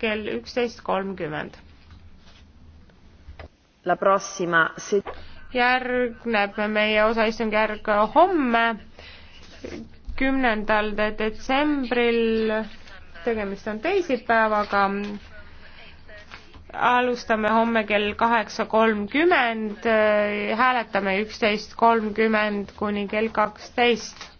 kell üksteist kolmkümmend. järgneb meie osaistungjärg homme, kümnendal detsembril, tegemist on teisipäevaga, alustame homme kell kaheksa kolmkümmend, hääletame üksteist kolmkümmend kuni kell kaksteist